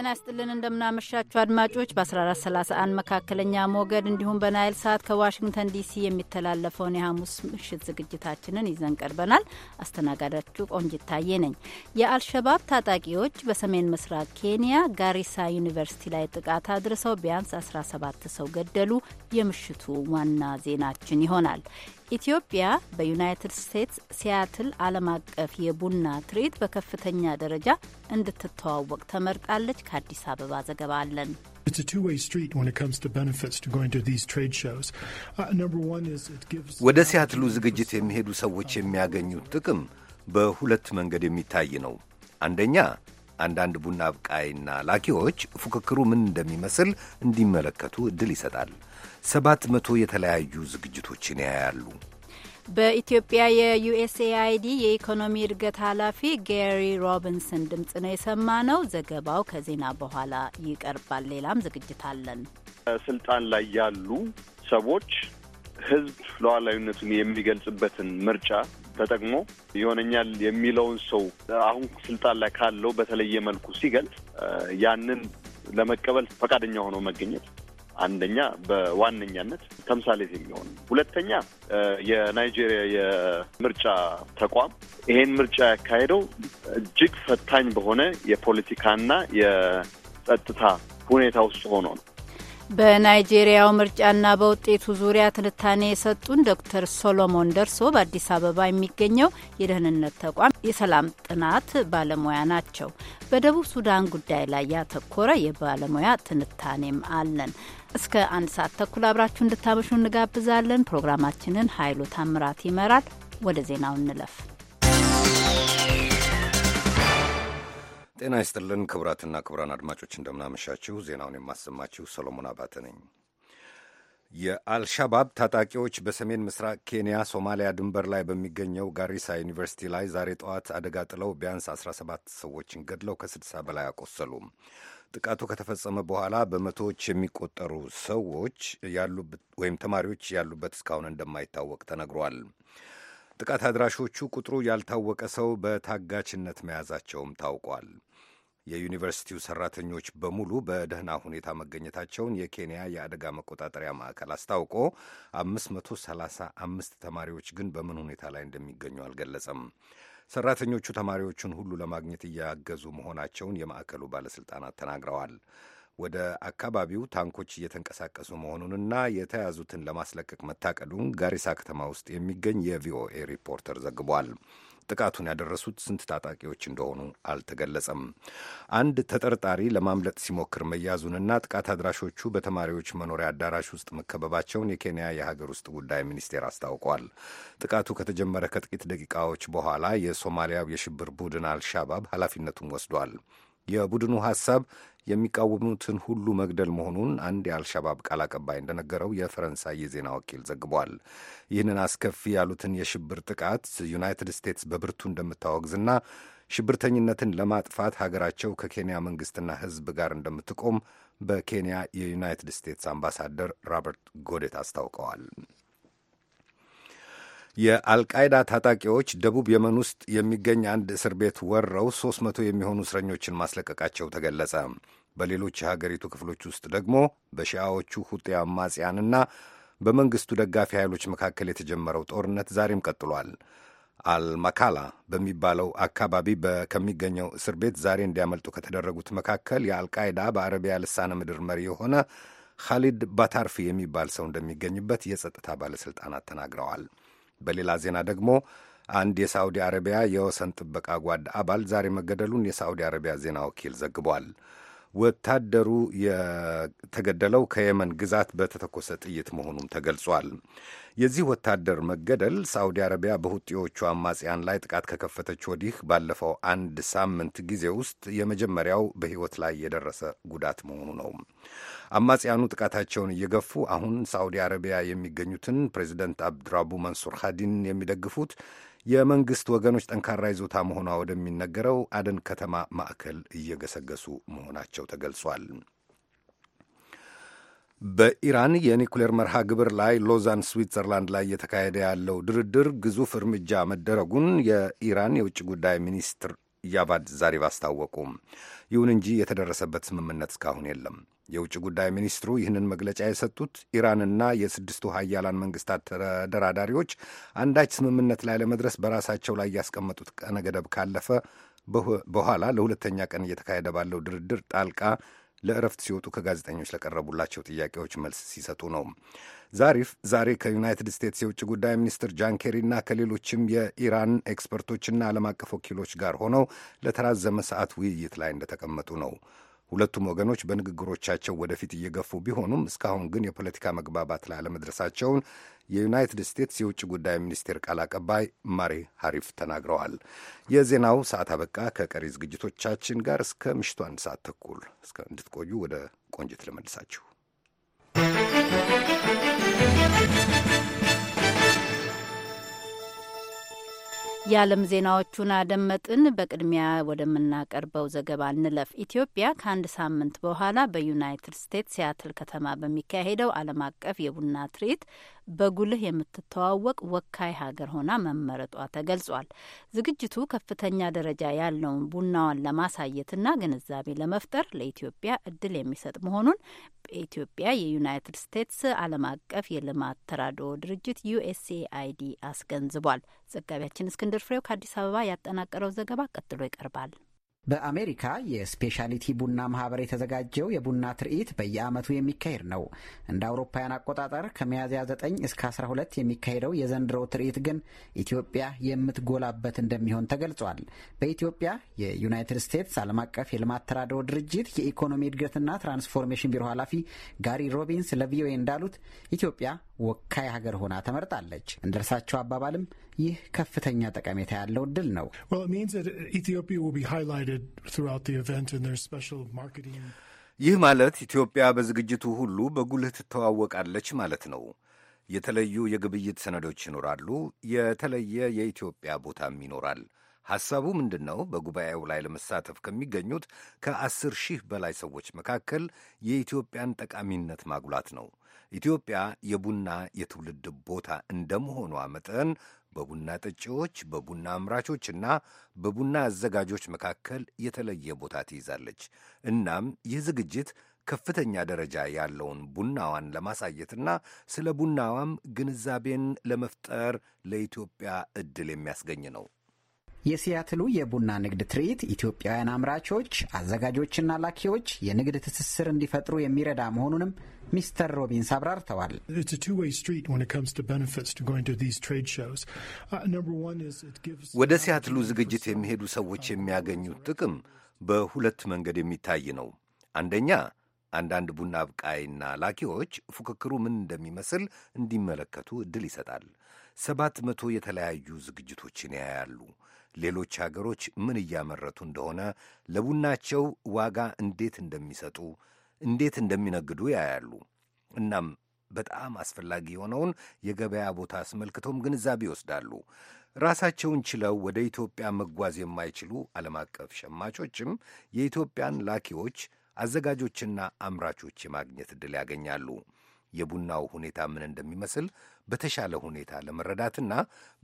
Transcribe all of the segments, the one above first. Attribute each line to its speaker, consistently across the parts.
Speaker 1: ጤና ይስጥልን እንደምናመሻችሁ አድማጮች በ1431 መካከለኛ ሞገድ እንዲሁም በናይል ሰዓት ከዋሽንግተን ዲሲ የሚተላለፈውን የሐሙስ ምሽት ዝግጅታችንን ይዘን ቀርበናል። አስተናጋዳችሁ ቆንጂት ታዬ ነኝ። የአልሸባብ ታጣቂዎች በሰሜን ምስራቅ ኬንያ ጋሪሳ ዩኒቨርሲቲ ላይ ጥቃት አድርሰው ቢያንስ 17 ሰው ገደሉ። የምሽቱ ዋና ዜናችን ይሆናል። ኢትዮጵያ በዩናይትድ ስቴትስ ሲያትል ዓለም አቀፍ የቡና ትርኢት በከፍተኛ ደረጃ እንድትተዋወቅ ተመርጣለች። ከአዲስ አበባ ዘገባ አለን።
Speaker 2: uh,
Speaker 3: ወደ ሲያትሉ ዝግጅት የሚሄዱ ሰዎች የሚያገኙት ጥቅም በሁለት መንገድ የሚታይ ነው። አንደኛ አንዳንድ ቡና አብቃይና ላኪዎች ፉክክሩ ምን እንደሚመስል እንዲመለከቱ እድል ይሰጣል። ሰባት መቶ የተለያዩ ዝግጅቶችን ያያሉ።
Speaker 1: በኢትዮጵያ የዩኤስኤአይዲ የኢኮኖሚ እድገት ኃላፊ ጌሪ ሮቢንሰን ድምፅ ነው የሰማ ነው። ዘገባው ከዜና በኋላ ይቀርባል። ሌላም ዝግጅት አለን።
Speaker 4: ስልጣን ላይ ያሉ ሰዎች ህዝብ ሉዓላዊነቱን የሚገልጽበትን ምርጫ ተጠቅሞ ይሆነኛል የሚለውን ሰው አሁን ስልጣን ላይ ካለው በተለየ መልኩ ሲገልጽ ያንን ለመቀበል ፈቃደኛ ሆኖ መገኘት አንደኛ በዋነኛነት ተምሳሌት የሚሆን ሁለተኛ፣ የናይጄሪያ የምርጫ ተቋም ይሄን ምርጫ ያካሄደው እጅግ ፈታኝ በሆነ የፖለቲካና የጸጥታ ሁኔታ ውስጥ ሆኖ ነው።
Speaker 1: በናይጄሪያው ምርጫና በውጤቱ ዙሪያ ትንታኔ የሰጡን ዶክተር ሶሎሞን ደርሶ በአዲስ አበባ የሚገኘው የደህንነት ተቋም የሰላም ጥናት ባለሙያ ናቸው። በደቡብ ሱዳን ጉዳይ ላይ ያተኮረ የባለሙያ ትንታኔም አለን። እስከ አንድ ሰዓት ተኩል አብራችሁ እንድታመሹ እንጋብዛለን። ፕሮግራማችንን ኃይሉ ታምራት ይመራል። ወደ ዜናው እንለፍ።
Speaker 3: ጤና ይስጥልን ክቡራትና ክቡራን አድማጮች እንደምናመሻችሁ። ዜናውን የማሰማችሁ ሰሎሞን አባተ ነኝ። የአልሻባብ ታጣቂዎች በሰሜን ምስራቅ ኬንያ ሶማሊያ ድንበር ላይ በሚገኘው ጋሪሳ ዩኒቨርሲቲ ላይ ዛሬ ጠዋት አደጋ ጥለው ቢያንስ 17 ሰዎችን ገድለው ከ60 በላይ አቆሰሉ። ጥቃቱ ከተፈጸመ በኋላ በመቶዎች የሚቆጠሩ ሰዎች ያሉበት ወይም ተማሪዎች ያሉበት እስካሁን እንደማይታወቅ ተነግሯል። ጥቃት አድራሾቹ ቁጥሩ ያልታወቀ ሰው በታጋችነት መያዛቸውም ታውቋል። የዩኒቨርሲቲው ሰራተኞች በሙሉ በደህና ሁኔታ መገኘታቸውን የኬንያ የአደጋ መቆጣጠሪያ ማዕከል አስታውቆ 535 ተማሪዎች ግን በምን ሁኔታ ላይ እንደሚገኙ አልገለጸም። ሰራተኞቹ ተማሪዎቹን ሁሉ ለማግኘት እያገዙ መሆናቸውን የማዕከሉ ባለሥልጣናት ተናግረዋል። ወደ አካባቢው ታንኮች እየተንቀሳቀሱ መሆኑንና የተያዙትን ለማስለቀቅ መታቀዱን ጋሪሳ ከተማ ውስጥ የሚገኝ የቪኦኤ ሪፖርተር ዘግቧል። ጥቃቱን ያደረሱት ስንት ታጣቂዎች እንደሆኑ አልተገለጸም። አንድ ተጠርጣሪ ለማምለጥ ሲሞክር መያዙንና ጥቃት አድራሾቹ በተማሪዎች መኖሪያ አዳራሽ ውስጥ መከበባቸውን የኬንያ የሀገር ውስጥ ጉዳይ ሚኒስቴር አስታውቋል። ጥቃቱ ከተጀመረ ከጥቂት ደቂቃዎች በኋላ የሶማሊያው የሽብር ቡድን አልሻባብ ኃላፊነቱን ወስዷል። የቡድኑ ሐሳብ የሚቃወሙትን ሁሉ መግደል መሆኑን አንድ የአልሸባብ ቃል አቀባይ እንደነገረው የፈረንሳይ የዜና ወኪል ዘግቧል። ይህንን አስከፊ ያሉትን የሽብር ጥቃት ዩናይትድ ስቴትስ በብርቱ እንደምታወግዝና ሽብርተኝነትን ለማጥፋት ሀገራቸው ከኬንያ መንግስትና ሕዝብ ጋር እንደምትቆም በኬንያ የዩናይትድ ስቴትስ አምባሳደር ሮበርት ጎዴት አስታውቀዋል። የአልቃይዳ ታጣቂዎች ደቡብ የመን ውስጥ የሚገኝ አንድ እስር ቤት ወረው 300 የሚሆኑ እስረኞችን ማስለቀቃቸው ተገለጸ። በሌሎች የሀገሪቱ ክፍሎች ውስጥ ደግሞ በሺዓዎቹ ሁጤ አማጽያንና በመንግስቱ ደጋፊ ኃይሎች መካከል የተጀመረው ጦርነት ዛሬም ቀጥሏል። አልማካላ በሚባለው አካባቢ ከሚገኘው እስር ቤት ዛሬ እንዲያመልጡ ከተደረጉት መካከል የአልቃይዳ በአረቢያ ልሳነ ምድር መሪ የሆነ ኻሊድ ባታርፊ የሚባል ሰው እንደሚገኝበት የጸጥታ ባለሥልጣናት ተናግረዋል። በሌላ ዜና ደግሞ አንድ የሳዑዲ አረቢያ የወሰን ጥበቃ ጓድ አባል ዛሬ መገደሉን የሳዑዲ አረቢያ ዜና ወኪል ዘግቧል። ወታደሩ የተገደለው ከየመን ግዛት በተተኮሰ ጥይት መሆኑም ተገልጿል። የዚህ ወታደር መገደል ሳዑዲ አረቢያ በሁጤዎቹ አማጽያን ላይ ጥቃት ከከፈተች ወዲህ ባለፈው አንድ ሳምንት ጊዜ ውስጥ የመጀመሪያው በሕይወት ላይ የደረሰ ጉዳት መሆኑ ነው። አማጽያኑ ጥቃታቸውን እየገፉ አሁን ሳዑዲ አረቢያ የሚገኙትን ፕሬዚደንት አብድራቡ መንሱር ሃዲን የሚደግፉት የመንግስት ወገኖች ጠንካራ ይዞታ መሆኗ ወደሚነገረው አደን ከተማ ማዕከል እየገሰገሱ መሆናቸው ተገልጿል። በኢራን የኒኩሌር መርሃ ግብር ላይ ሎዛን ስዊትዘርላንድ ላይ እየተካሄደ ያለው ድርድር ግዙፍ እርምጃ መደረጉን የኢራን የውጭ ጉዳይ ሚኒስትር ያባድ ዛሪፍ አስታወቁ። ይሁን እንጂ የተደረሰበት ስምምነት እስካሁን የለም። የውጭ ጉዳይ ሚኒስትሩ ይህንን መግለጫ የሰጡት ኢራንና የስድስቱ ሀያላን መንግስታት ተደራዳሪዎች አንዳች ስምምነት ላይ ለመድረስ በራሳቸው ላይ ያስቀመጡት ቀነ ገደብ ካለፈ በኋላ ለሁለተኛ ቀን እየተካሄደ ባለው ድርድር ጣልቃ ለእረፍት ሲወጡ ከጋዜጠኞች ለቀረቡላቸው ጥያቄዎች መልስ ሲሰጡ ነው። ዛሪፍ ዛሬ ከዩናይትድ ስቴትስ የውጭ ጉዳይ ሚኒስትር ጃን ኬሪና ከሌሎችም የኢራን ኤክስፐርቶችና ዓለም አቀፍ ወኪሎች ጋር ሆነው ለተራዘመ ሰዓት ውይይት ላይ እንደተቀመጡ ነው። ሁለቱም ወገኖች በንግግሮቻቸው ወደፊት እየገፉ ቢሆኑም እስካሁን ግን የፖለቲካ መግባባት ላይ አለመድረሳቸውን የዩናይትድ ስቴትስ የውጭ ጉዳይ ሚኒስቴር ቃል አቀባይ ማሪ ሐሪፍ ተናግረዋል። የዜናው ሰዓት አበቃ። ከቀሪ ዝግጅቶቻችን ጋር እስከ ምሽቱ አንድ ሰዓት ተኩል እንድትቆዩ ወደ ቆንጅት ልመልሳችሁ።
Speaker 1: የዓለም ዜናዎቹን አደመጥን። በቅድሚያ ወደምናቀርበው ዘገባ እንለፍ። ኢትዮጵያ ከአንድ ሳምንት በኋላ በዩናይትድ ስቴትስ ሲያትል ከተማ በሚካሄደው ዓለም አቀፍ የቡና ትርኢት በጉልህ የምትተዋወቅ ወካይ ሀገር ሆና መመረጧ ተገልጿል። ዝግጅቱ ከፍተኛ ደረጃ ያለውን ቡናዋን ለማሳየትና ግንዛቤ ለመፍጠር ለኢትዮጵያ እድል የሚሰጥ መሆኑን ኢትዮጵያ የዩናይትድ ስቴትስ ዓለም አቀፍ የልማት ተራድኦ ድርጅት ዩኤስኤአይዲ አስገንዝቧል። ዘጋቢያችን እስክንድር ፍሬው ከአዲስ አበባ ያጠናቀረው ዘገባ ቀጥሎ ይቀርባል።
Speaker 5: በአሜሪካ የስፔሻሊቲ ቡና ማህበር የተዘጋጀው የቡና ትርኢት በየዓመቱ የሚካሄድ ነው። እንደ አውሮፓውያን አቆጣጠር ከሚያዝያ 9 እስከ 12 የሚካሄደው የዘንድሮ ትርኢት ግን ኢትዮጵያ የምትጎላበት እንደሚሆን ተገልጿል። በኢትዮጵያ የዩናይትድ ስቴትስ ዓለም አቀፍ የልማት ተራድኦ ድርጅት የኢኮኖሚ እድገትና ትራንስፎርሜሽን ቢሮ ኃላፊ ጋሪ ሮቢንስ ለቪኦኤ እንዳሉት ኢትዮጵያ ወካይ ሀገር ሆና ተመርጣለች። እንደ እርሳቸው አባባልም ይህ ከፍተኛ ጠቀሜታ ያለው
Speaker 3: እድል ነው። ይህ ማለት ኢትዮጵያ በዝግጅቱ ሁሉ በጉልህ ትተዋወቃለች ማለት ነው። የተለዩ የግብይት ሰነዶች ይኖራሉ። የተለየ የኢትዮጵያ ቦታም ይኖራል። ሐሳቡ ምንድን ነው? በጉባኤው ላይ ለመሳተፍ ከሚገኙት ከአስር ሺህ በላይ ሰዎች መካከል የኢትዮጵያን ጠቃሚነት ማጉላት ነው። ኢትዮጵያ የቡና የትውልድ ቦታ እንደመሆኗ መጠን በቡና ጠጪዎች፣ በቡና አምራቾችና በቡና አዘጋጆች መካከል የተለየ ቦታ ትይዛለች። እናም ይህ ዝግጅት ከፍተኛ ደረጃ ያለውን ቡናዋን ለማሳየትና ስለ ቡናዋም ግንዛቤን ለመፍጠር ለኢትዮጵያ ዕድል የሚያስገኝ ነው።
Speaker 5: የሲያትሉ የቡና ንግድ ትርኢት ኢትዮጵያውያን አምራቾች፣ አዘጋጆችና ላኪዎች የንግድ ትስስር እንዲፈጥሩ የሚረዳ መሆኑንም ሚስተር ሮቢንስ አብራርተዋል።
Speaker 2: uh,
Speaker 3: ወደ ሲያትሉ ዝግጅት የሚሄዱ ሰዎች የሚያገኙት ጥቅም በሁለት መንገድ የሚታይ ነው። አንደኛ አንዳንድ ቡና አብቃይና ላኪዎች ፉክክሩ ምን እንደሚመስል እንዲመለከቱ ዕድል ይሰጣል። ሰባት መቶ የተለያዩ ዝግጅቶችን ያያሉ። ሌሎች ሀገሮች ምን እያመረቱ እንደሆነ፣ ለቡናቸው ዋጋ እንዴት እንደሚሰጡ፣ እንዴት እንደሚነግዱ ያያሉ። እናም በጣም አስፈላጊ የሆነውን የገበያ ቦታ አስመልክቶም ግንዛቤ ይወስዳሉ። ራሳቸውን ችለው ወደ ኢትዮጵያ መጓዝ የማይችሉ ዓለም አቀፍ ሸማቾችም የኢትዮጵያን ላኪዎች አዘጋጆችና አምራቾች የማግኘት ዕድል ያገኛሉ። የቡናው ሁኔታ ምን እንደሚመስል በተሻለ ሁኔታ ለመረዳትና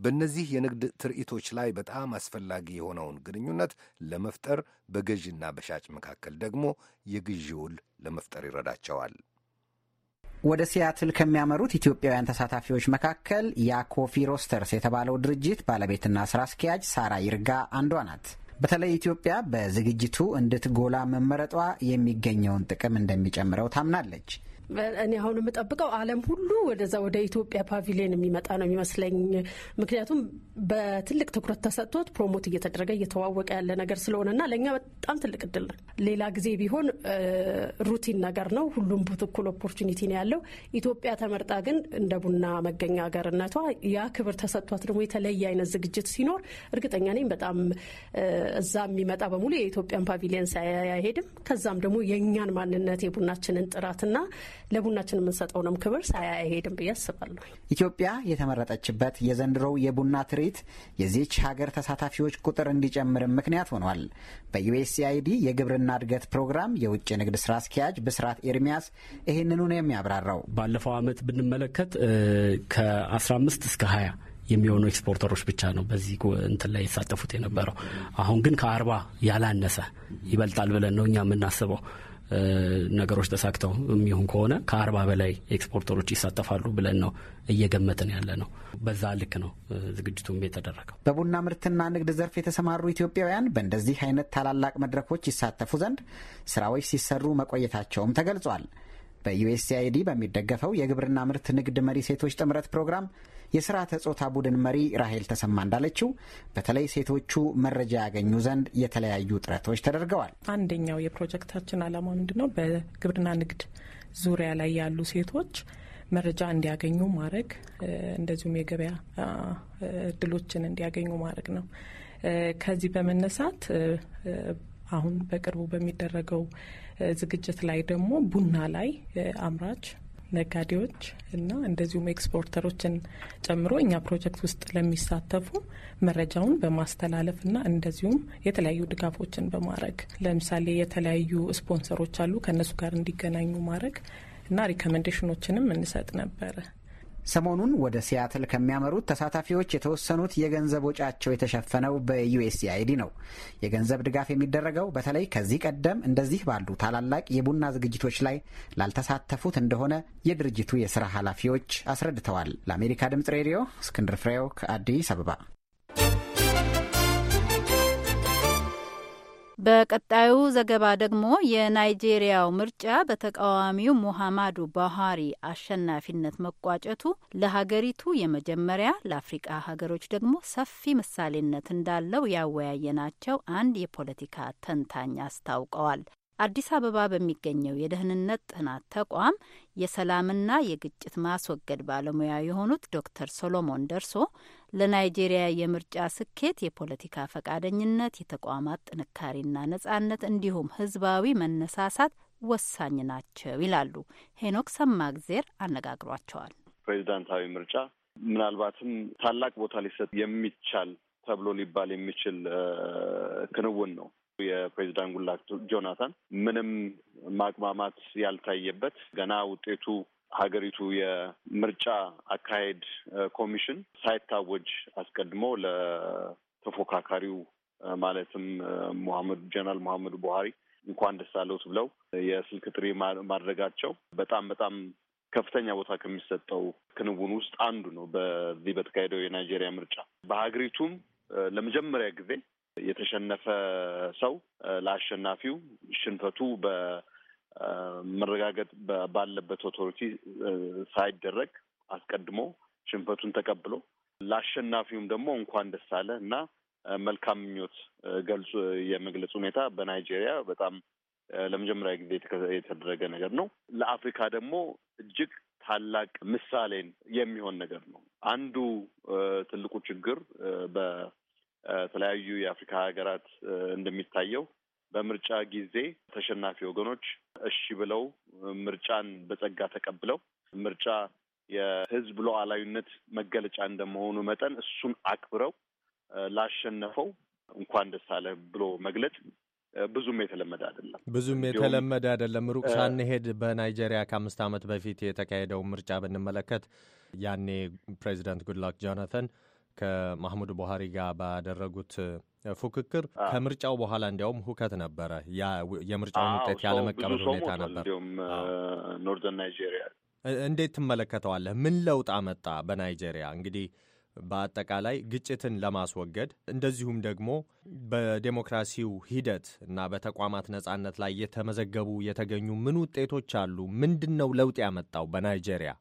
Speaker 3: በእነዚህ የንግድ ትርኢቶች ላይ በጣም አስፈላጊ የሆነውን ግንኙነት ለመፍጠር በገዥና በሻጭ መካከል ደግሞ የግዢ ውል ለመፍጠር ይረዳቸዋል።
Speaker 5: ወደ ሲያትል ከሚያመሩት ኢትዮጵያውያን ተሳታፊዎች መካከል ያኮፊ ሮስተርስ የተባለው ድርጅት ባለቤትና ስራ አስኪያጅ ሳራ ይርጋ አንዷ ናት። በተለይ ኢትዮጵያ በዝግጅቱ እንድትጎላ መመረጧ የሚገኘውን ጥቅም እንደሚጨምረው ታምናለች።
Speaker 1: እኔ አሁን የምጠብቀው ዓለም ሁሉ ወደዛ ወደ ኢትዮጵያ ፓቪሊዮን የሚመጣ ነው የሚመስለኝ። ምክንያቱም በትልቅ ትኩረት ተሰጥቶት ፕሮሞት እየተደረገ እየተዋወቀ ያለ ነገር ስለሆነ ና ለእኛ በጣም ትልቅ እድል ነው። ሌላ ጊዜ ቢሆን ሩቲን ነገር ነው። ሁሉም በትኩል ኦፖርቹኒቲ ነው ያለው። ኢትዮጵያ ተመርጣ ግን እንደ ቡና መገኛ ሀገርነቷ ያ ክብር ተሰጥቷት ደግሞ የተለየ አይነት ዝግጅት ሲኖር እርግጠኛ ነኝ በጣም እዛ የሚመጣ በሙሉ የኢትዮጵያን ፓቪሊየን ሳያሄድም ከዛም ደግሞ የእኛን ማንነት የቡናችንን ጥራትና ለቡናችን የምንሰጠውንም ክብር ሳያሄድም ብዬ አስባለሁ።
Speaker 5: ኢትዮጵያ የተመረጠችበት የዘንድሮው የቡና ትርኢት የዚች ሀገር ተሳታፊዎች ቁጥር እንዲጨምርም ምክንያት ሆኗል። በዩኤስኤአይዲ የግብርና እድገት ፕሮግራም የውጭ ንግድ ስራ አስኪያጅ ብስራት ኤርሚያስ ይህንኑ ነው የሚያብራራው። ባለፈው ዓመት ብንመለከት ከ15 እስከ 20 የሚሆኑ ኤክስፖርተሮች ብቻ ነው በዚህ እንትን ላይ የተሳተፉት የነበረው። አሁን ግን ከአርባ ያላነሰ ይበልጣል ብለን ነው እኛ የምናስበው። ነገሮች ተሳክተው የሚሆን ከሆነ ከአርባ በላይ ኤክስፖርተሮች ይሳተፋሉ ብለን ነው እየገመትን ያለ ነው። በዛ ልክ ነው ዝግጅቱም የተደረገው። በቡና ምርትና ንግድ ዘርፍ የተሰማሩ ኢትዮጵያውያን በእንደዚህ አይነት ታላላቅ መድረኮች ይሳተፉ ዘንድ ስራዎች ሲሰሩ መቆየታቸውም ተገልጿል። በዩኤስኤአይዲ በሚደገፈው የግብርና ምርት ንግድ መሪ ሴቶች ጥምረት ፕሮግራም የስርዓተ ጾታ ቡድን መሪ ራሄል ተሰማ እንዳለችው በተለይ ሴቶቹ መረጃ ያገኙ ዘንድ የተለያዩ ጥረቶች ተደርገዋል።
Speaker 2: አንደኛው የፕሮጀክታችን ዓላማ ምንድን ነው? በግብርና ንግድ ዙሪያ ላይ ያሉ ሴቶች መረጃ እንዲያገኙ ማድረግ፣ እንደዚሁም የገበያ እድሎችን እንዲያገኙ ማድረግ ነው። ከዚህ በመነሳት አሁን በቅርቡ በሚደረገው ዝግጅት ላይ ደግሞ ቡና ላይ አምራች ነጋዴዎች እና እንደዚሁም ኤክስፖርተሮችን ጨምሮ እኛ ፕሮጀክት ውስጥ ለሚሳተፉ መረጃውን በማስተላለፍ እና እንደዚሁም የተለያዩ ድጋፎችን በማድረግ ለምሳሌ የተለያዩ ስፖንሰሮች አሉ፣ ከእነሱ ጋር እንዲገናኙ ማድረግ እና ሪኮመንዴሽኖችንም እንሰጥ ነበረ።
Speaker 5: ሰሞኑን ወደ ሲያትል ከሚያመሩት ተሳታፊዎች የተወሰኑት የገንዘብ ወጫቸው የተሸፈነው በዩኤስኤአይዲ ነው። የገንዘብ ድጋፍ የሚደረገው በተለይ ከዚህ ቀደም እንደዚህ ባሉ ታላላቅ የቡና ዝግጅቶች ላይ ላልተሳተፉት እንደሆነ የድርጅቱ የስራ ኃላፊዎች አስረድተዋል። ለአሜሪካ ድምጽ ሬዲዮ እስክንድር ፍሬው ከአዲስ አበባ
Speaker 1: በቀጣዩ ዘገባ ደግሞ የናይጄሪያው ምርጫ በተቃዋሚው ሙሐማዱ ባህሪ አሸናፊነት መቋጨቱ ለሀገሪቱ የመጀመሪያ ለአፍሪቃ ሀገሮች ደግሞ ሰፊ ምሳሌነት እንዳለው ያወያየናቸው አንድ የፖለቲካ ተንታኝ አስታውቀዋል። አዲስ አበባ በሚገኘው የደህንነት ጥናት ተቋም የሰላምና የግጭት ማስወገድ ባለሙያ የሆኑት ዶክተር ሶሎሞን ደርሶ ለናይጄሪያ የምርጫ ስኬት የፖለቲካ ፈቃደኝነት፣ የተቋማት ጥንካሬና ነጻነት እንዲሁም ህዝባዊ መነሳሳት ወሳኝ ናቸው ይላሉ። ሄኖክ ሰማግዜር አነጋግሯቸዋል።
Speaker 4: ፕሬዚዳንታዊ ምርጫ ምናልባትም ታላቅ ቦታ ሊሰጥ የሚቻል ተብሎ ሊባል የሚችል ክንውን ነው። የፕሬዚዳንት ጉላክ ጆናታን ምንም ማቅማማት ያልታየበት ገና ውጤቱ ሀገሪቱ የምርጫ አካሄድ ኮሚሽን ሳይታወጅ አስቀድሞ ለተፎካካሪው ማለትም ሙሐመድ ጀነራል ሙሐመድ ቡሃሪ እንኳን ደስ አለዎት ብለው የስልክ ጥሪ ማድረጋቸው በጣም በጣም ከፍተኛ ቦታ ከሚሰጠው ክንውን ውስጥ አንዱ ነው። በዚህ በተካሄደው የናይጄሪያ ምርጫ በሀገሪቱም ለመጀመሪያ ጊዜ የተሸነፈ ሰው ለአሸናፊው ሽንፈቱ በመረጋገጥ ባለበት ኦቶሪቲ ሳይደረግ አስቀድሞ ሽንፈቱን ተቀብሎ ለአሸናፊውም ደግሞ እንኳን ደስ አለ እና መልካም ምኞት ገልጹ የመግለጽ ሁኔታ በናይጄሪያ በጣም ለመጀመሪያ ጊዜ የተደረገ ነገር ነው። ለአፍሪካ ደግሞ እጅግ ታላቅ ምሳሌን የሚሆን ነገር ነው። አንዱ ትልቁ ችግር የተለያዩ የአፍሪካ ሀገራት እንደሚታየው በምርጫ ጊዜ ተሸናፊ ወገኖች እሺ ብለው ምርጫን በጸጋ ተቀብለው ምርጫ የህዝብ ሉዓላዊነት መገለጫ እንደመሆኑ መጠን እሱን አክብረው ላሸነፈው እንኳን ደስ አለ ብሎ መግለጽ ብዙም የተለመደ አይደለም። ብዙም
Speaker 2: የተለመደ አይደለም። ሩቅ ሳንሄድ በናይጄሪያ ከአምስት ዓመት በፊት የተካሄደው ምርጫ ብንመለከት ያኔ ፕሬዚዳንት ጉድላክ ጆናተን ከማህሙድ ቡሃሪ ጋር ባደረጉት ፉክክር ከምርጫው በኋላ እንዲያውም ሁከት ነበረ። የምርጫውን ውጤት ያለመቀበል ሁኔታ ነበር።
Speaker 4: እንዲሁም ናይጄሪያ
Speaker 2: እንዴት ትመለከተዋለህ? ምን ለውጥ አመጣ? በናይጄሪያ እንግዲህ በአጠቃላይ ግጭትን ለማስወገድ እንደዚሁም ደግሞ በዴሞክራሲው ሂደት እና በተቋማት ነጻነት ላይ የተመዘገቡ የተገኙ ምን ውጤቶች አሉ? ምንድን ነው ለውጥ ያመጣው በናይጄሪያ?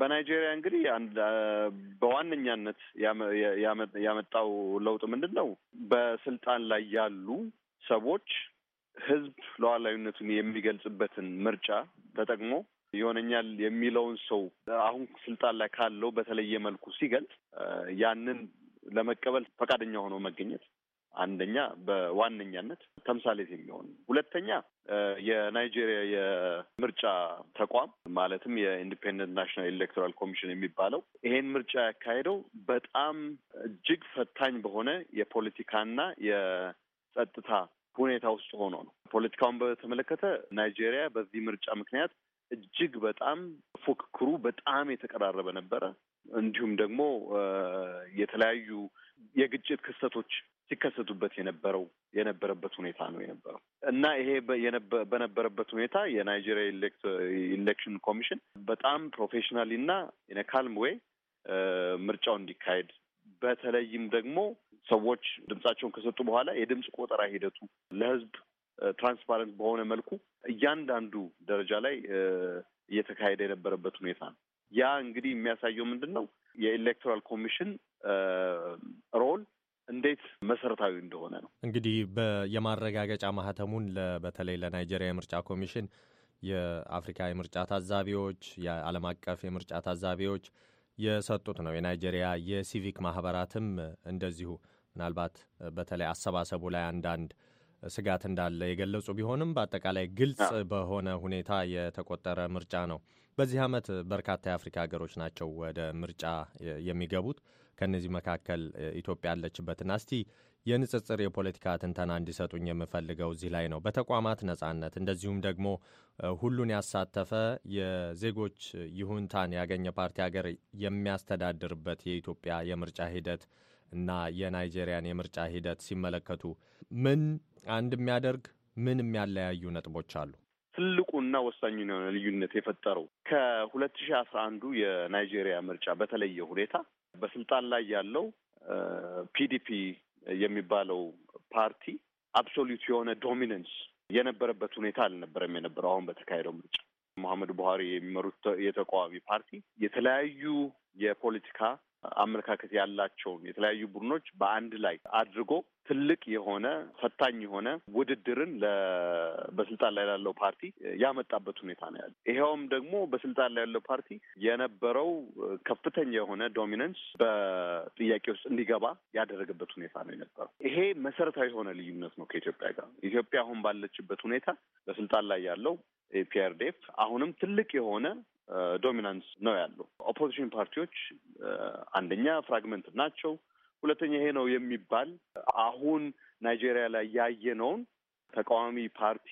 Speaker 4: በናይጄሪያ እንግዲህ በዋነኛነት ያመጣው ለውጥ ምንድን ነው? በስልጣን ላይ ያሉ ሰዎች ህዝብ ሉዓላዊነቱን የሚገልጽበትን ምርጫ ተጠቅሞ ይሆነኛል የሚለውን ሰው አሁን ስልጣን ላይ ካለው በተለየ መልኩ ሲገልጽ ያንን ለመቀበል ፈቃደኛ ሆኖ መገኘት አንደኛ በዋነኛነት ተምሳሌት የሚሆን ሁለተኛ የናይጄሪያ የምርጫ ተቋም ማለትም የኢንዲፔንደንት ናሽናል ኤሌክቶራል ኮሚሽን የሚባለው ይሄን ምርጫ ያካሄደው በጣም እጅግ ፈታኝ በሆነ የፖለቲካና የጸጥታ ሁኔታ ውስጥ ሆኖ ነው። ፖለቲካውን በተመለከተ ናይጄሪያ በዚህ ምርጫ ምክንያት እጅግ በጣም ፉክክሩ በጣም የተቀራረበ ነበረ። እንዲሁም ደግሞ የተለያዩ የግጭት ክስተቶች ሲከሰቱበት የነበረው የነበረበት ሁኔታ ነው የነበረው እና ይሄ በነበረበት ሁኔታ የናይጄሪያ ኢሌክሽን ኮሚሽን በጣም ፕሮፌሽናሊ እና የነካልም ወይ ምርጫው እንዲካሄድ በተለይም ደግሞ ሰዎች ድምጻቸውን ከሰጡ በኋላ የድምፅ ቆጠራ ሂደቱ ለህዝብ ትራንስፓረንት በሆነ መልኩ እያንዳንዱ ደረጃ ላይ እየተካሄደ የነበረበት ሁኔታ ነው። ያ እንግዲህ የሚያሳየው ምንድን ነው የኤሌክቶራል ኮሚሽን ሮል እንዴት መሰረታዊ እንደሆነ ነው።
Speaker 2: እንግዲህ የማረጋገጫ ማህተሙን በተለይ ለናይጄሪያ የምርጫ ኮሚሽን የአፍሪካ የምርጫ ታዛቢዎች፣ የዓለም አቀፍ የምርጫ ታዛቢዎች የሰጡት ነው። የናይጄሪያ የሲቪክ ማህበራትም እንደዚሁ ምናልባት በተለይ አሰባሰቡ ላይ አንዳንድ ስጋት እንዳለ የገለጹ ቢሆንም በአጠቃላይ ግልጽ በሆነ ሁኔታ የተቆጠረ ምርጫ ነው በዚህ ዓመት በርካታ የአፍሪካ ሀገሮች ናቸው ወደ ምርጫ የሚገቡት። ከእነዚህ መካከል ኢትዮጵያ ያለችበትን እስቲ የንጽጽር የፖለቲካ ትንተና እንዲሰጡኝ የምፈልገው እዚህ ላይ ነው። በተቋማት ነጻነት እንደዚሁም ደግሞ ሁሉን ያሳተፈ የዜጎች ይሁንታን ያገኘ ፓርቲ ሀገር የሚያስተዳድርበት የኢትዮጵያ የምርጫ ሂደት እና የናይጄሪያን የምርጫ ሂደት ሲመለከቱ ምን አንድ የሚያደርግ ምን የሚያለያዩ ነጥቦች አሉ?
Speaker 4: ትልቁና ወሳኙ የሆነ ልዩነት የፈጠረው ከሁለት ሺህ አስራ አንዱ የናይጄሪያ ምርጫ በተለየ ሁኔታ በስልጣን ላይ ያለው ፒዲፒ የሚባለው ፓርቲ አብሶሉት የሆነ ዶሚነንስ የነበረበት ሁኔታ አልነበረም የነበረው አሁን በተካሄደው ምርጫ መሐመድ ቡሃሪ የሚመሩት የተቃዋሚ ፓርቲ የተለያዩ የፖለቲካ አመለካከት ያላቸውን የተለያዩ ቡድኖች በአንድ ላይ አድርጎ ትልቅ የሆነ ፈታኝ የሆነ ውድድርን በስልጣን ላይ ላለው ፓርቲ ያመጣበት ሁኔታ ነው ያለ። ይኸውም ደግሞ በስልጣን ላይ ያለው ፓርቲ የነበረው ከፍተኛ የሆነ ዶሚነንስ በጥያቄ ውስጥ እንዲገባ ያደረገበት ሁኔታ ነው የነበረው። ይሄ መሰረታዊ የሆነ ልዩነት ነው ከኢትዮጵያ ጋር። ኢትዮጵያ አሁን ባለችበት ሁኔታ በስልጣን ላይ ያለው ፒአርዴፍ አሁንም ትልቅ የሆነ ዶሚናንስ ነው ያለው። ኦፖዚሽን ፓርቲዎች አንደኛ ፍራግመንት ናቸው፣ ሁለተኛ ይሄ ነው የሚባል አሁን ናይጄሪያ ላይ ያየነውን ተቃዋሚ ፓርቲ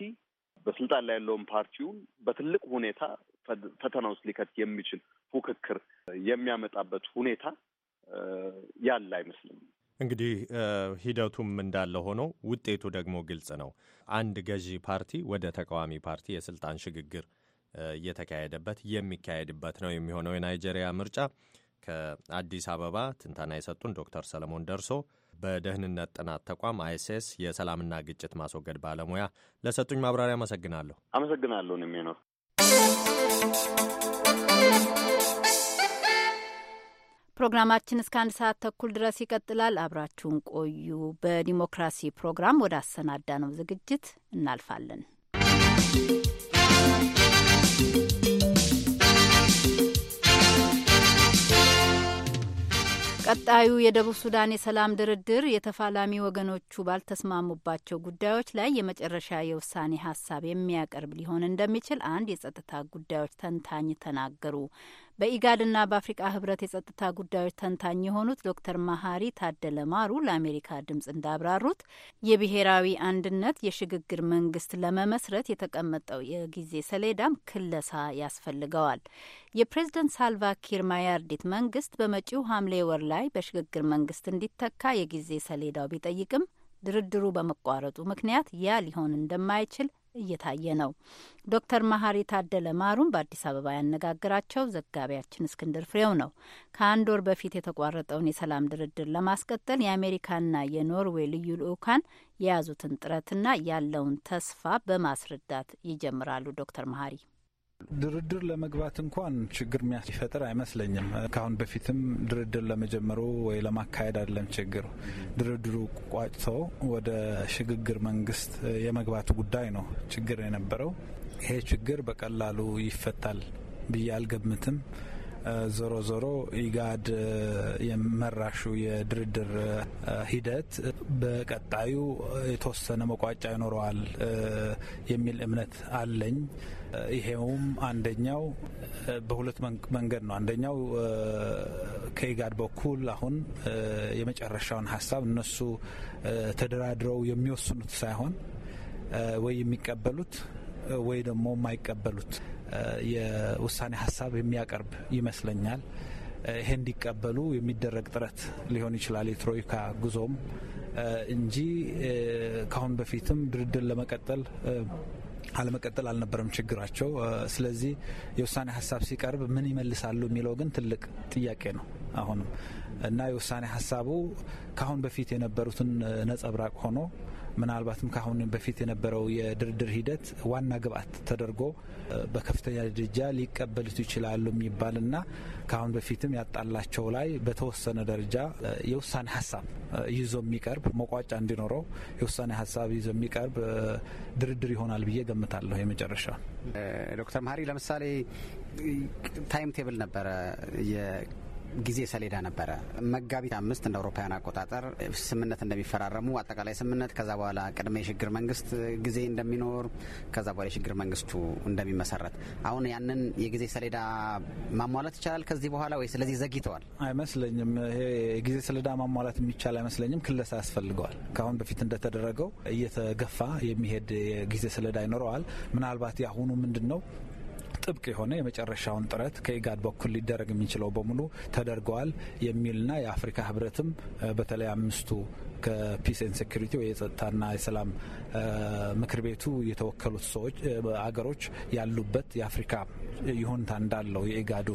Speaker 4: በስልጣን ላይ ያለውን ፓርቲውን በትልቅ ሁኔታ ፈተና ውስጥ ሊከት የሚችል ፉክክር የሚያመጣበት ሁኔታ ያለ አይመስልም።
Speaker 2: እንግዲህ ሂደቱም እንዳለ ሆኖ ውጤቱ ደግሞ ግልጽ ነው። አንድ ገዢ ፓርቲ ወደ ተቃዋሚ ፓርቲ የስልጣን ሽግግር እየተካሄደበት የሚካሄድበት ነው የሚሆነው የናይጄሪያ ምርጫ። ከአዲስ አበባ ትንተና የሰጡን ዶክተር ሰለሞን ደርሶ በደህንነት ጥናት ተቋም አይሴስ የሰላምና ግጭት ማስወገድ ባለሙያ ለሰጡኝ ማብራሪያ አመሰግናለሁ።
Speaker 4: አመሰግናለሁ እኔም ነው።
Speaker 1: ፕሮግራማችን እስከ አንድ ሰዓት ተኩል ድረስ ይቀጥላል። አብራችሁን ቆዩ። በዲሞክራሲ ፕሮግራም ወደ አሰናዳ ነው ዝግጅት እናልፋለን። ቀጣዩ የደቡብ ሱዳን የሰላም ድርድር የተፋላሚ ወገኖቹ ባልተስማሙባቸው ጉዳዮች ላይ የመጨረሻ የውሳኔ ሀሳብ የሚያቀርብ ሊሆን እንደሚችል አንድ የጸጥታ ጉዳዮች ተንታኝ ተናገሩ። በኢጋድና በአፍሪቃ ህብረት የጸጥታ ጉዳዮች ተንታኝ የሆኑት ዶክተር መሀሪ ታደለ ማሩ ለአሜሪካ ድምጽ እንዳብራሩት የብሔራዊ አንድነት የሽግግር መንግስት ለመመስረት የተቀመጠው የጊዜ ሰሌዳም ክለሳ ያስፈልገዋል። የፕሬዝደንት ሳልቫ ኪር ማያርዲት መንግስት በመጪው ሐምሌ ወር ላይ በሽግግር መንግስት እንዲተካ የጊዜ ሰሌዳው ቢጠይቅም ድርድሩ በመቋረጡ ምክንያት ያ ሊሆን እንደማይችል እየታየ ነው። ዶክተር መሀሪ ታደለ ማሩም በአዲስ አበባ ያነጋግራቸው ዘጋቢያችን እስክንድር ፍሬው ነው። ከአንድ ወር በፊት የተቋረጠውን የሰላም ድርድር ለማስቀጠል የአሜሪካና የኖርዌይ ልዩ ልዑካን የያዙትን ጥረትና ያለውን ተስፋ በማስረዳት ይጀምራሉ ዶክተር መሀሪ
Speaker 6: ድርድር ለመግባት እንኳን ችግር የሚፈጥር አይመስለኝም። ከአሁን በፊትም ድርድር ለመጀመሩ ወይ ለማካሄድ አይደለም ችግሩ፣ ድርድሩ ቋጭቶ ወደ ሽግግር መንግስት የመግባቱ ጉዳይ ነው ችግር የነበረው። ይሄ ችግር በቀላሉ ይፈታል ብዬ አልገምትም። ዞሮ ዞሮ ኢጋድ የመራሹ የድርድር ሂደት በቀጣዩ የተወሰነ መቋጫ ይኖረዋል የሚል እምነት አለኝ። ይሄውም አንደኛው በሁለት መንገድ ነው። አንደኛው ከኢጋድ በኩል አሁን የመጨረሻውን ሀሳብ እነሱ ተደራድረው የሚወስኑት ሳይሆን ወይ የሚቀበሉት ወይ ደግሞ የማይቀበሉት የውሳኔ ሀሳብ የሚያቀርብ ይመስለኛል። ይሄ እንዲቀበሉ የሚደረግ ጥረት ሊሆን ይችላል የትሮይካ ጉዞም እንጂ ካሁን በፊትም ድርድር ለመቀጠል አለመቀጠል አልነበረም ችግራቸው። ስለዚህ የውሳኔ ሀሳብ ሲቀርብ ምን ይመልሳሉ የሚለው ግን ትልቅ ጥያቄ ነው አሁንም እና የውሳኔ ሀሳቡ ካሁን በፊት የነበሩትን ነጸብራቅ ሆኖ ምናልባትም ከአሁን በፊት የነበረው የድርድር ሂደት ዋና ግብአት ተደርጎ በከፍተኛ ደረጃ ሊቀበሉት ይችላሉ የሚባልና ከአሁን በፊትም ያጣላቸው ላይ በተወሰነ ደረጃ የውሳኔ ሀሳብ ይዞ የሚቀርብ መቋጫ እንዲኖረው የውሳኔ ሀሳብ ይዞ የሚቀርብ ድርድር ይሆናል ብዬ ገምታለሁ። የመጨረሻ
Speaker 5: ዶክተር መሀሪ ለምሳሌ ታይም ቴብል ነበረ ጊዜ ሰሌዳ ነበረ። መጋቢት አምስት እንደ አውሮፓውያን አቆጣጠር ስምምነት እንደሚፈራረሙ አጠቃላይ ስምምነት፣ ከዛ በኋላ ቅድመ የሽግግር መንግስት ጊዜ እንደሚኖር፣ ከዛ በኋላ የሽግግር መንግስቱ እንደሚመሰረት። አሁን ያንን የጊዜ ሰሌዳ ማሟላት ይቻላል ከዚህ በኋላ ወይ? ስለዚህ ዘግይተዋል
Speaker 6: አይመስለኝም። ይሄ የጊዜ ሰሌዳ ማሟላት የሚቻል አይመስለኝም። ክለሳ ያስፈልገዋል። ከአሁን በፊት እንደተደረገው እየተገፋ የሚሄድ የጊዜ ሰሌዳ ይኖረዋል። ምናልባት የአሁኑ ምንድን ነው ጥብቅ የሆነ የመጨረሻውን ጥረት ከኢጋድ በኩል ሊደረግ የሚችለው በሙሉ ተደርገዋል የሚልና የአፍሪካ ህብረትም በተለይ አምስቱ ከፒስ ኤን ሴኩሪቲ ወይ የጸጥታና የሰላም ምክር ቤቱ የተወከሉት ሰዎች አገሮች ያሉበት የአፍሪካ ይሁንታ እንዳለው የኢጋዱ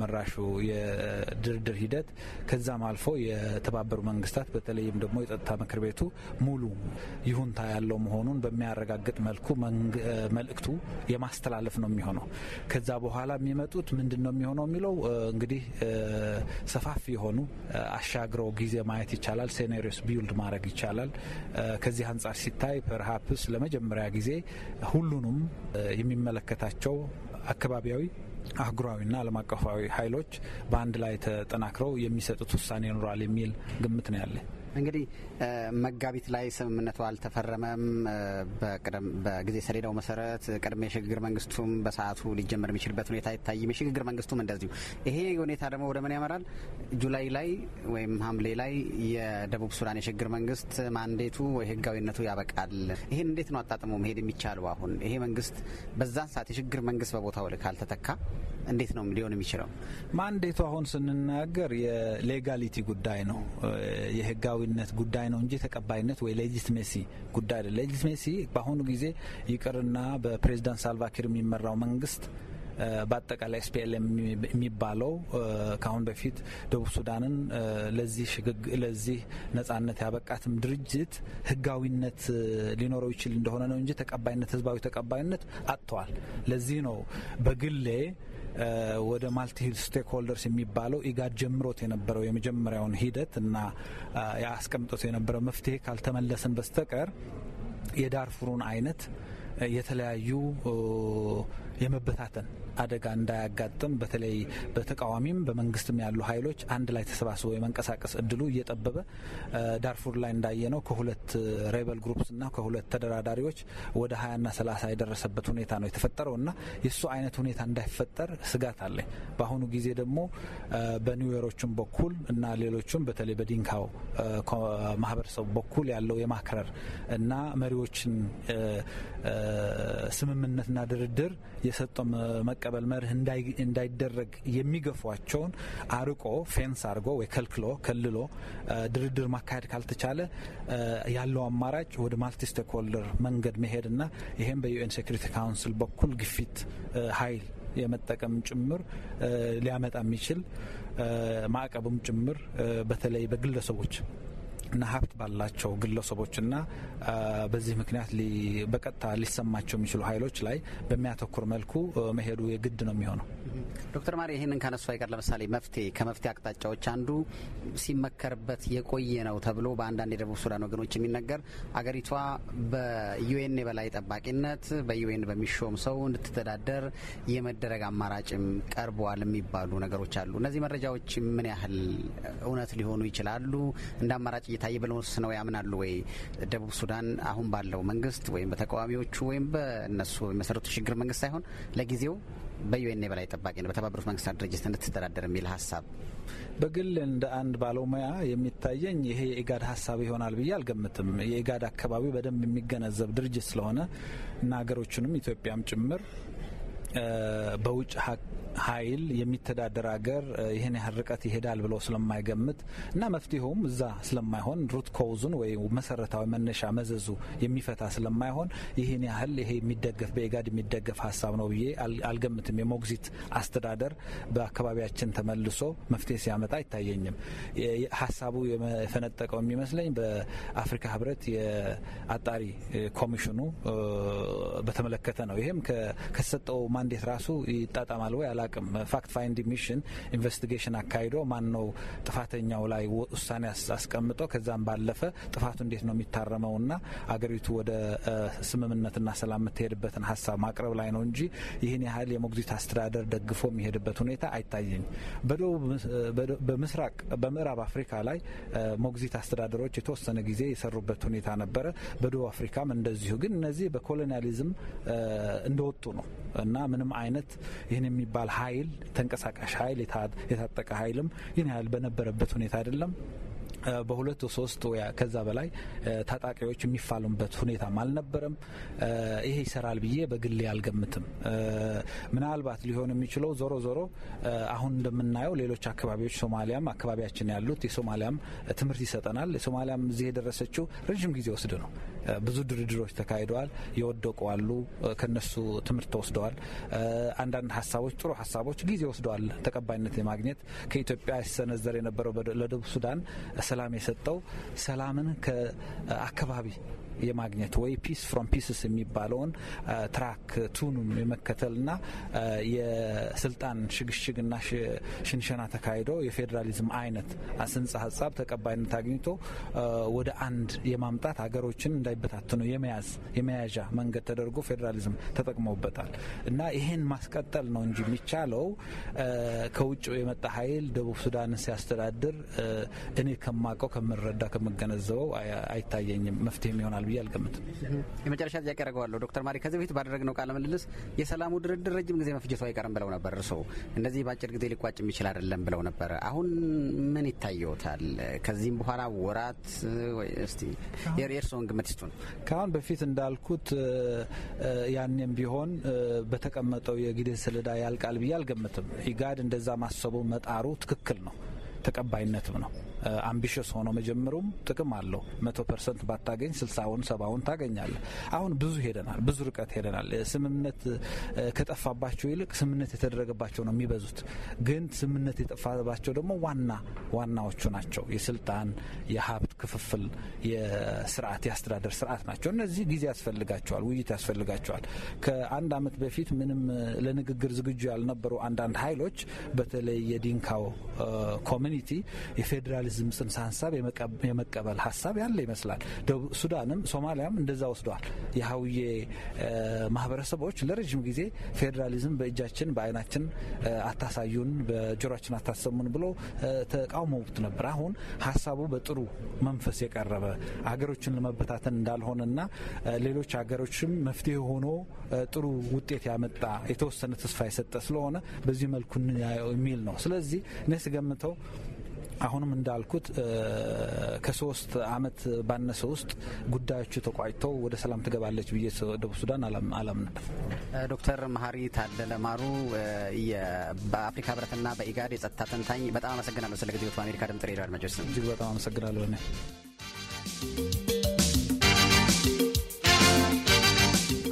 Speaker 6: መራሹ የድርድር ሂደት ከዛም አልፎ የተባበሩ መንግስታት በተለይም ደግሞ የጸጥታ ምክር ቤቱ ሙሉ ይሁንታ ያለው መሆኑን በሚያረጋግጥ መልኩ መልእክቱ የማስተላለፍ ነው የሚሆነው። ከዛ በኋላ የሚመጡት ምንድን ነው የሚሆነው የሚለው እንግዲህ ሰፋፊ የሆኑ አሻግረው ጊዜ ማየት ይቻላል። ሴኔሪዮስ ቢውልድ ማድረግ ይቻላል። ከዚህ አንጻር ሲታይ ሀፕስ ለመጀመሪያ ጊዜ ሁሉንም የሚመለከታቸው አካባቢያዊ አህጉራዊና ዓለም አቀፋዊ ኃይሎች በአንድ ላይ ተጠናክረው የሚሰጡት ውሳኔ ይኖራል የሚል ግምት ነው ያለ።
Speaker 5: እንግዲህ መጋቢት ላይ ስምምነቱ አልተፈረመም። በጊዜ ሰሌዳው መሰረት ቀድሞ የሽግግር መንግስቱም በሰዓቱ ሊጀመር የሚችልበት ሁኔታ አይታይም። የሽግግር መንግስቱም እንደዚሁ። ይሄ ሁኔታ ደግሞ ወደ ምን ያመራል? ጁላይ ላይ ወይም ሐምሌ ላይ የደቡብ ሱዳን የሽግግር መንግስት ማንዴቱ ወይ ህጋዊነቱ ያበቃል። ይሄን እንዴት ነው አጣጥሞ መሄድ የሚቻለው? አሁን ይሄ መንግስት በዛን ሰዓት የሽግግር መንግስት በቦታው ካልተተካ እንዴት ነው ሊሆን የሚችለው? ማንዴቱ አሁን
Speaker 6: ስንናገር የሌጋሊቲ ጉዳይ ነው፣ የህጋዊነት ጉዳይ ነው እንጂ ተቀባይነት ወይ ሌጂትሜሲ ጉዳይ አይደለም። ሌጂትሜሲ በአሁኑ ጊዜ ይቅርና በፕሬዚዳንት ሳልቫኪር የሚመራው መንግስት በአጠቃላይ ኤስፒኤልኤም የሚባለው ከአሁን በፊት ደቡብ ሱዳንን ለዚህ ለዚህ ነጻነት ያበቃትም ድርጅት ህጋዊነት ሊኖረው ይችል እንደሆነ ነው እንጂ ተቀባይነት ህዝባዊ ተቀባይነት አጥተዋል። ለዚህ ነው በግሌ ወደ ማልቲ ስቴክሆልደርስ የሚባለው ኢጋድ ጀምሮት የነበረው የመጀመሪያውን ሂደት እና ያስቀምጦት የነበረው መፍትሄ ካልተመለስን በስተቀር የዳርፉሩን አይነት የተለያዩ የመበታተን አደጋ እንዳያጋጥም በተለይ በተቃዋሚም በመንግስትም ያሉ ኃይሎች አንድ ላይ ተሰባስበው የመንቀሳቀስ እድሉ እየጠበበ ዳርፉር ላይ እንዳየ ነው ከሁለት ሬበል ግሩፕስና ከሁለት ተደራዳሪዎች ወደ ሀያና ሰላሳ የደረሰበት ሁኔታ ነው የተፈጠረው እና የእሱ አይነት ሁኔታ እንዳይፈጠር ስጋት አለኝ። በአሁኑ ጊዜ ደግሞ በኒውዌሮቹም በኩል እና ሌሎቹም በተለይ በዲንካው ማህበረሰቡ በኩል ያለው የማክረር እና መሪዎችን ስምምነትና ድርድር የሰጠ መቀበል መርህ እንዳይደረግ የሚገፏቸውን አርቆ ፌንስ አድርጎ ወይ ከልክሎ ከልሎ ድርድር ማካሄድ ካልተቻለ ያለው አማራጭ ወደ ማልቲ ስቴክሆልደር መንገድ መሄድና ይህም በዩኤን ሴኩሪቲ ካውንስል በኩል ግፊት ኃይል የመጠቀም ጭምር ሊያመጣ የሚችል ማዕቀብም ጭምር በተለይ በግለሰቦች እና ሀብት ባላቸው ግለሰቦችና በዚህ ምክንያት በቀጥታ ሊሰማቸው የሚችሉ ኃይሎች ላይ በሚያተኩር መልኩ መሄዱ የግድ ነው የሚሆነው።
Speaker 5: ዶክተር ማሪ ይህንን ካነሱ አይቀር ለምሳሌ መፍትሄ ከመፍትሄ አቅጣጫዎች አንዱ ሲመከርበት የቆየ ነው ተብሎ በአንዳንድ የደቡብ ሱዳን ወገኖች የሚነገር አገሪቷ በዩኤን የበላይ ጠባቂነት በዩኤን በሚሾም ሰው እንድትተዳደር የመደረግ አማራጭም ቀርበዋል የሚባሉ ነገሮች አሉ። እነዚህ መረጃዎች ምን ያህል እውነት ሊሆኑ ይችላሉ? እንደ አማራጭ ታዬ ነው ያምናሉ ወይ? ደቡብ ሱዳን አሁን ባለው መንግስት ወይም በተቃዋሚዎቹ ወይም በእነሱ የመሰረቱ ሽግግር መንግስት ሳይሆን ለጊዜው በዩኤን የበላይ ጠባቂ ነው በተባበሩት መንግስታት ድርጅት እንድትተዳደር የሚል ሀሳብ በግል እንደ አንድ ባለሙያ
Speaker 6: የሚታየኝ ይሄ የኢጋድ ሀሳብ ይሆናል ብዬ አልገምትም። የኢጋድ አካባቢ በደንብ የሚገነዘብ ድርጅት ስለሆነ እና ሀገሮቹንም ኢትዮጵያም ጭምር በውጭ ኃይል የሚተዳደር ሀገር ይህን ያህል ርቀት ይሄዳል ብሎ ስለማይገምት እና መፍትሄውም እዛ ስለማይሆን ሩት ኮውዙን ወይ መሰረታዊ መነሻ መዘዙ የሚፈታ ስለማይሆን ይህን ያህል ይሄ የሚደገፍ በኤጋድ የሚደገፍ ሀሳብ ነው ብዬ አልገምትም። የሞግዚት አስተዳደር በአካባቢያችን ተመልሶ መፍትሄ ሲያመጣ አይታየኝም። ሀሳቡ የፈነጠቀው የሚመስለኝ በአፍሪካ ህብረት የአጣሪ ኮሚሽኑ በተመለከተ ነው። ይሄም ከሰጠው እንዴት ራሱ ይጣጣማል ወይ አላቅም። ፋክት ፋይንድ ሚሽን ኢንቨስቲጌሽን አካሂዶ ማን ነው ጥፋተኛው ላይ ውሳኔ አስቀምጦ ከዛም ባለፈ ጥፋቱ እንዴት ነው የሚታረመውና አገሪቱ ወደ ስምምነትና ሰላም የምትሄድበትን ሀሳብ ማቅረብ ላይ ነው እንጂ ይህን ያህል የሞግዚት አስተዳደር ደግፎ የሚሄድበት ሁኔታ አይታየኝ። በምስራቅ በምዕራብ አፍሪካ ላይ ሞግዚት አስተዳደሮች የተወሰነ ጊዜ የሰሩበት ሁኔታ ነበረ። በደቡብ አፍሪካም እንደዚሁ። ግን እነዚህ በኮሎኒያሊዝም እንደወጡ ነው እና ምንም አይነት ይህን የሚባል ኃይል ተንቀሳቃሽ ኃይል የታጠቀ ኃይልም ይህን ያህል በነበረበት ሁኔታ አይደለም። በሁለት ሶስት ወያ ከዛ በላይ ታጣቂዎች የሚፋሉበት ሁኔታም አልነበረም። ይሄ ይሰራል ብዬ በግሌ አልገምትም። ምናልባት ሊሆን የሚችለው ዞሮ ዞሮ አሁን እንደምናየው ሌሎች አካባቢዎች ሶማሊያም አካባቢያችን ያሉት የሶማሊያም ትምህርት ይሰጠናል። የሶማሊያም እዚህ የደረሰችው ረዥም ጊዜ ወስድ ነው። ብዙ ድርድሮች ተካሂደዋል። የወደቁ አሉ፣ ከነሱ ትምህርት ተወስደዋል። አንዳንድ ሀሳቦች፣ ጥሩ ሀሳቦች ጊዜ ወስደዋል ተቀባይነት የማግኘት ከኢትዮጵያ ሲሰነዘር የነበረው ለደቡብ ሱዳን ሰላም የሰጠው ሰላምን ከአካባቢ የማግኘት ወይ ፒስ ፍሮም ፒስስ የሚባለውን ትራክ ቱንም የመከተልና የስልጣን ሽግሽግና ሽንሸና ተካሂዶ የፌዴራሊዝም አይነት ስንጸ ሀሳብ ተቀባይነት አግኝቶ ወደ አንድ የማምጣት ሀገሮችን እንዳይበታትኑ የመያዝ የመያዣ መንገድ ተደርጎ ፌዴራሊዝም ተጠቅሞበታል እና ይሄን ማስቀጠል ነው እንጂ የሚቻለው ከውጭ የመጣ ኃይል ደቡብ ሱዳንን ሲያስተዳድር እኔ ከማቀው ከምረዳ ከምገነዘበው አይታየኝም መፍትሄም ይሆናል ብዬ አልገምትም።
Speaker 5: የመጨረሻ ጥያቄ ያደረገዋለሁ። ዶክተር ማሪ ከዚህ በፊት ባደረግነው ቃለ ምልልስ የሰላሙ ድርድር ረጅም ጊዜ መፍጀቱ አይቀርም ብለው ነበር። እርስዎ እንደዚህ በአጭር ጊዜ ሊቋጭ የሚችል አይደለም ብለው ነበረ። አሁን ምን ይታየዎታል? ከዚህም በኋላ ወራት እስቲ የእርስዎን ግምት ይስጡን። ከአሁን በፊት እንዳልኩት ያኔም ቢሆን
Speaker 6: በተቀመጠው የጊዜ ሰሌዳ ያልቃል ብዬ አልገምትም። ኢጋድ እንደዛ ማሰቡ መጣሩ ትክክል ነው፣ ተቀባይነትም ነው። አምቢሽስ ሆኖ መጀመሩም ጥቅም አለው። መቶ ፐርሰንት ባታገኝ ስልሳውን ሰባውን ታገኛለ። አሁን ብዙ ሄደናል፣ ብዙ ርቀት ሄደናል። ስምምነት ከጠፋባቸው ይልቅ ስምምነት የተደረገባቸው ነው የሚበዙት። ግን ስምምነት የጠፋባቸው ደግሞ ዋና ዋናዎቹ ናቸው። የስልጣን የሀብት ክፍፍል፣ የስርዓት የአስተዳደር ስርዓት ናቸው። እነዚህ ጊዜ ያስፈልጋቸዋል፣ ውይይት ያስፈልጋቸዋል። ከአንድ አመት በፊት ምንም ለንግግር ዝግጁ ያልነበሩ አንዳንድ ኃይሎች በተለይ የዲንካው ኮሚኒቲ የፌዴራል የህዝብ ጽንሰ ሀሳብ የመቀበል ሀሳብ ያለ ይመስላል። ደቡብ ሱዳንም ሶማሊያም እንደዛ ወስደዋል። የሀውዬ ማህበረሰቦች ለረዥም ጊዜ ፌዴራሊዝም በእጃችን በአይናችን አታሳዩን፣ በጆሮችን አታሰሙን ብሎ ተቃውሞት ነበር። አሁን ሀሳቡ በጥሩ መንፈስ የቀረበ አገሮችን ለመበታተን እንዳልሆነና ሌሎች ሀገሮችም መፍትሄ ሆኖ ጥሩ ውጤት ያመጣ የተወሰነ ተስፋ የሰጠ ስለሆነ በዚህ መልኩ የሚል ነው። ስለዚህ እኔ ስገምተው አሁንም እንዳልኩት ከሶስት አመት ባነሰ ውስጥ ጉዳዮቹ ተቋጭተው ወደ ሰላም ትገባለች ብዬ ደቡብ ሱዳን አላምንበት።
Speaker 5: ዶክተር መሀሪ ታደለ ማሩ በአፍሪካ ህብረትና በኢጋድ የጸጥታ ተንታኝ፣ በጣም አመሰግናለሁ ስለ ጊዜዎት። በአሜሪካ ድምጽ ሬዲዮ አድማጮች ስም እጅግ በጣም አመሰግናለሁ እኔ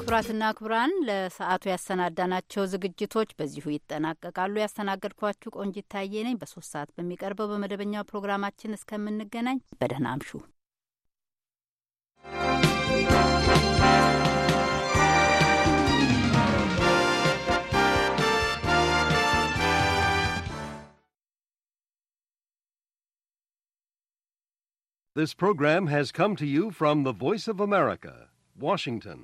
Speaker 1: ክቡራትና ክቡራን ለሰዓቱ ያሰናዳናቸው ዝግጅቶች በዚሁ ይጠናቀቃሉ። ያስተናገድኳችሁ ቆንጂት ታዬ ነኝ። በሶስት ሰዓት በሚቀርበው በመደበኛው ፕሮግራማችን እስከምንገናኝ በደህና አምሹ።
Speaker 3: This program has come to you from the Voice of America, Washington.